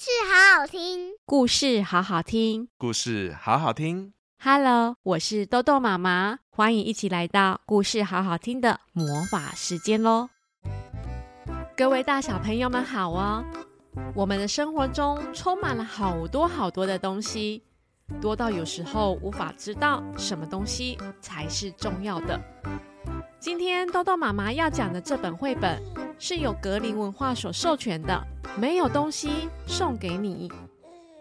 故事好好聽，故事好好聽，故事好好聽。Hello，我是荳荳媽媽，歡迎一起來到故事好好聽的魔法時間嘍！各位大小朋友們好哦！我們的生活中充滿了好多好多的東西，多到有時候無法知道什麼東西才是重要的。今天荳荳媽媽要講的這本繪本是由格林文化所授權的。沒有東西送給你，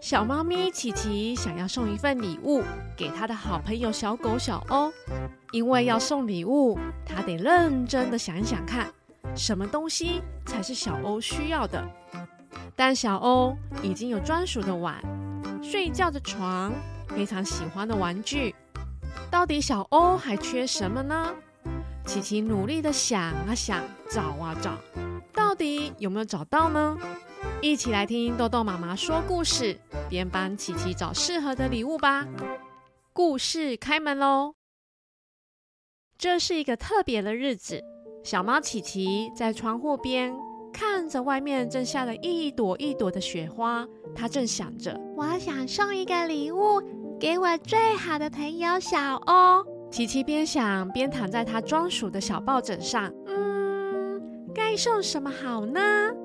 小貓咪奇奇想要送一份禮物給它的好朋友小狗小歐。因為要送禮物，它得認真的想想看，什麼東西才是小歐需要的。但小歐已經有專屬的碗、睡覺的床、非常喜歡的玩具，到底小歐還缺什麼呢？琪琪努力的想啊想，找啊找，到底有沒有找到呢？一起來聽豆豆媽媽說故事，邊幫琪琪找適合的禮物吧。故事開門嘍！這是一個特別的日子，小貓琪琪在窗戶邊看着外面正下了一朵一朵的雪花，她正想着：我想送一個禮物給我最好的朋友小歐。奇奇邊想邊躺在他專屬的小抱枕上。嗯，該送什麼好呢？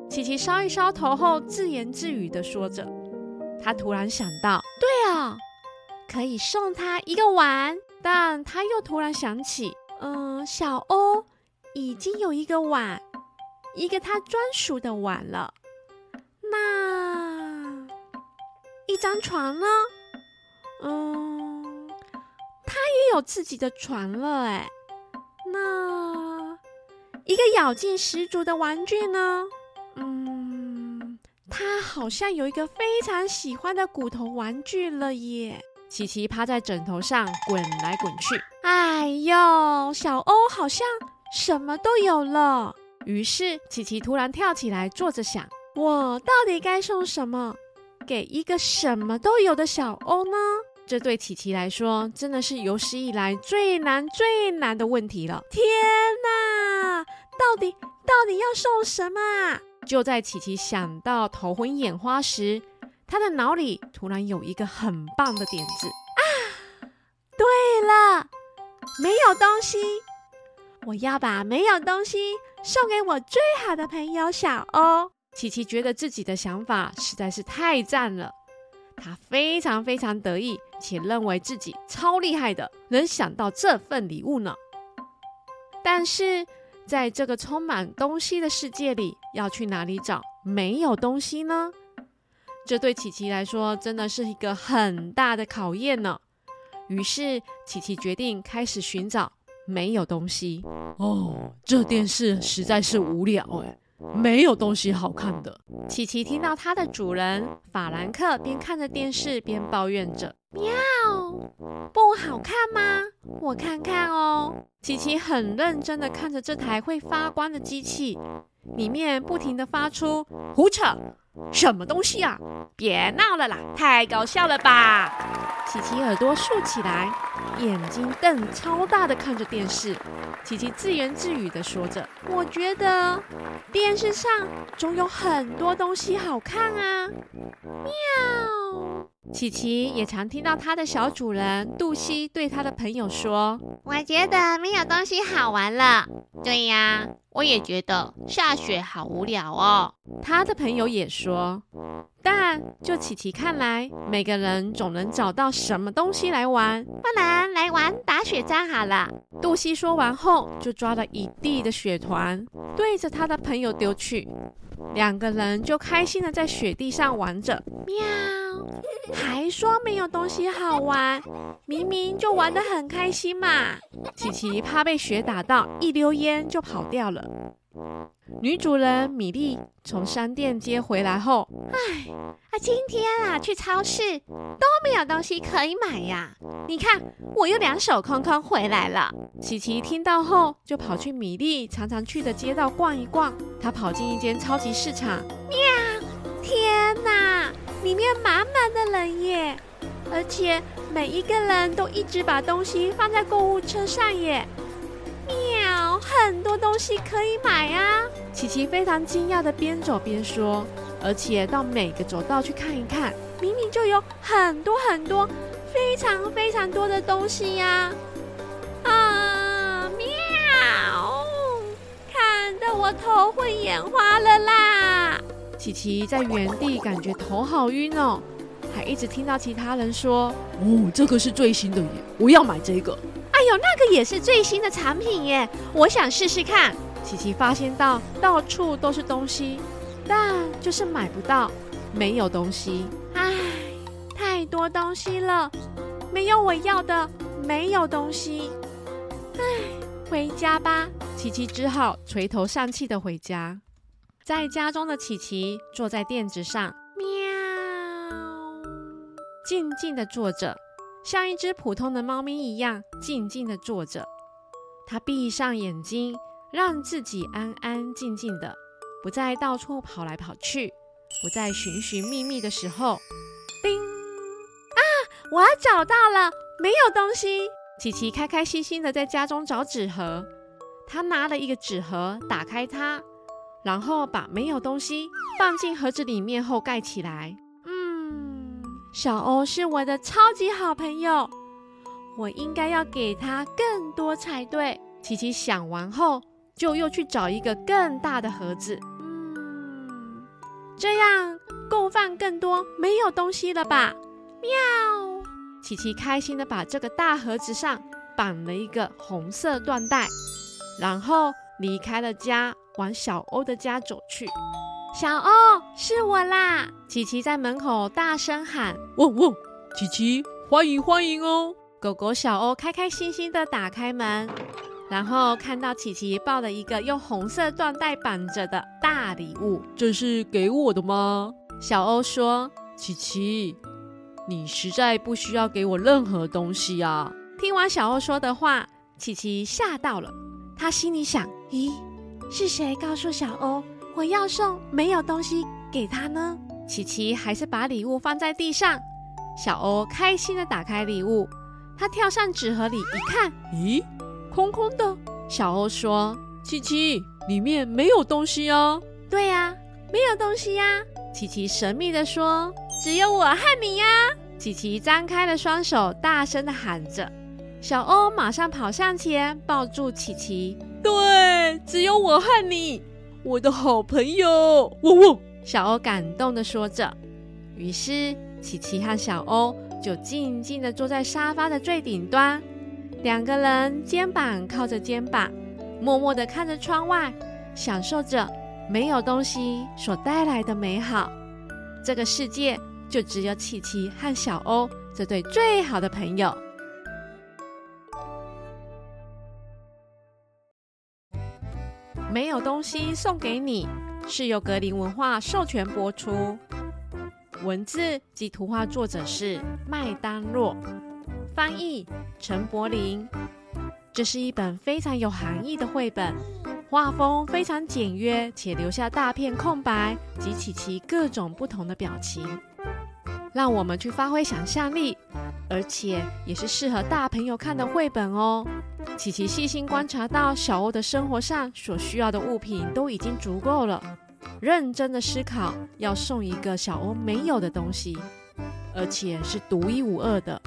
奇奇搔一搔頭後自言自語地說着。他突然想到，對啊、哦，可以送他一個碗。但他又突然想起，嗯，小歐已經有一個碗，一個他專屬的碗了。那一張床呢？嗯。有自己的床了哎，那一個咬勁十足的玩具呢？嗯，他好像有一個非常喜歡的骨頭玩具了耶。奇奇趴在枕頭上滾來滾去，哎呦，小歐好像什麼都有了。於是奇奇突然跳起來坐着想：我到底該送什麼給一個什麼都有的小歐呢？這對琪琪來說，真的是有史以來最難最難的問題了。天哪，到底到底要送什麼啊？就在琪琪想到頭昏眼花時，她的腦裡突然有一個很棒的點子。啊！對了，沒有東西，我要把沒有東西送給我最好的朋友小歐。琪琪覺得自己的想法實在是太讚了。他非常非常得意，且認為自己超厲害的，能想到這份禮物呢。但是，在這個充滿東西的世界裡，要去哪裡找沒有東西呢？這對奇奇來說，真的是一個很大的考驗呢。於是，奇奇決定開始尋找沒有東西。哦，這件事實在是無聊哎沒有東西好看的。奇奇聽到她的主人法蘭克邊看着電視邊抱怨着。喵，不好看嗎？我看看哦。奇奇很認真地看着這台會發光的機器，裡面不停地發出胡扯，什麼東西啊？別鬧了啦，太搞笑了吧？奇奇耳朵豎起來，眼睛瞪超大的看着電視。奇奇自言自語地說着：“我覺得，電視上總有很多東西好看啊。”喵。奇奇也常聽到他的小主人杜西對他的朋友說：“我覺得沒有東西好玩了。”“對呀，我也覺得下雪好無聊哦。”他的朋友也說。但就奇奇看來，每個人總能找到什麼東西來玩。不然來玩打雪仗好了。杜西說完後，就抓了一地的雪團，對着他的朋友丟去。兩個人就開心地在雪地上玩着。喵。還說沒有東西好玩，明明就玩得很開心嘛！奇奇怕被雪打到，一溜煙就跑掉了。女主人米莉從商店接回來後，哎，啊，今天啊去超市都沒有東西可以買呀，啊！你看，我又兩手空空回來了。奇奇聽到後，就跑去米莉常常去的街道逛一逛。她跑進一間超級市場，喵！天哪！裡面滿滿的人耶，而且每一個人都一直把東西放在購物車上耶。喵，很多東西可以買呀、啊！琪琪非常驚訝地邊走邊說，而且到每個走道去看一看，明明就有很多很多、非常非常多的東西呀、啊！啊，喵，看得我頭昏眼花了啦！奇奇在原地感覺頭好暈哦，還一直聽到其他人說：“哦，這個是最新的耶，我要買這個。”“哎呦，那個也是最新的產品耶，我想試試看。”奇奇發現到到處都是東西，但就是買不到，沒有東西。唉，太多東西了，沒有我要的，沒有東西。唉，回家吧。奇奇只好垂頭喪氣的回家。在家中的奇奇坐在墊子上，喵，靜靜的坐着，像一隻普通的貓咪一樣靜靜的坐着。她閉上眼睛，讓自己安安靜靜的，不再到處跑來跑去，不再尋尋覓覓的時候。叮！啊，我找到了，沒有東西。奇奇開開心心的在家中找紙盒，她拿了一個紙盒，打開它。然後把沒有東西放進盒子裡面後蓋起來。嗯，小歐是我的超級好朋友，我應該要給他更多才對。奇奇想完後，就又去找一個更大的盒子。嗯，這樣夠放更多沒有東西了吧？喵！奇奇開心的把這個大盒子上綁了一個紅色緞帶，然後離開了家。往小歐的家走去。小歐，是我啦！奇奇在門口大聲喊：“汪、哦、汪、哦！”奇奇，歡迎歡迎哦！狗狗小歐開開心心的打開門，然後看到奇奇抱了一個用紅色緞帶綁着的大禮物。這是給我的嗎？小歐說：“奇奇，你實在不需要給我任何東西啊！”聽完小歐說的話，奇奇嚇到了，她心裡想：“咦？”是誰告訴小歐我要送沒有東西給他呢？奇奇還是把禮物放在地上。小歐開心的打開禮物，他跳上紙盒裡一看，咦，空空的。小歐說：“奇奇，裡面沒有東西哦、啊。”“對呀、啊，沒有東西呀、啊。”奇奇神秘的說：“只有我和你呀、啊。”奇奇張開了雙手，大聲的喊着。小歐馬上跑上前，抱住奇奇。對。只有我和你，我的好朋友。喔喔，小歐感動地說着。於是，奇奇和小歐就靜靜地坐在沙發的最頂端，兩個人肩膀靠着肩膀，默默地看着窗外，享受着沒有東西所帶來的美好。這個世界就只有奇奇和小歐這對最好的朋友。沒有東西送給你，是由格林文化授權播出。文字及圖畫作者是麥當洛，翻譯陳柏林。這是一本非常有含義的繪本，畫風非常簡約，且留下大片空白及其其各種不同的表情，讓我們去發揮想象力。而且也是適合大朋友看的繪本哦。奇奇細心觀察到，小歐的生活上所需要的物品都已經足夠了。認真的思考，要送一個小歐沒有的東西，而且是獨一無二的。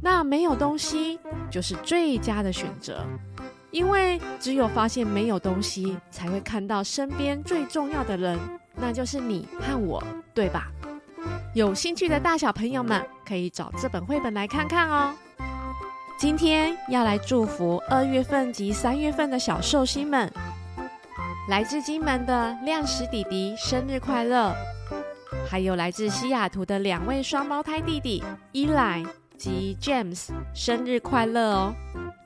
那沒有東西就是最佳的選擇，因為只有發現沒有東西，才會看到身邊最重要的人，那就是你和我，對吧？有興趣的大小朋友們，可以找這本繪本來看看哦。今天要來祝福二月份及三月份的小壽星們。來自金門的亮石弟弟生日快樂，還有來自西雅圖的兩位雙胞胎弟弟伊萊及 James 生日快樂哦！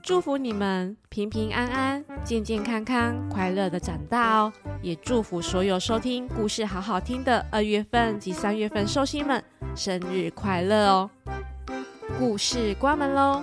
祝福你們平平安安、健健康康、快樂的長大哦！也祝福所有收聽故事好好聽的二月份及三月份壽星們生日快樂哦！故事關門嘍。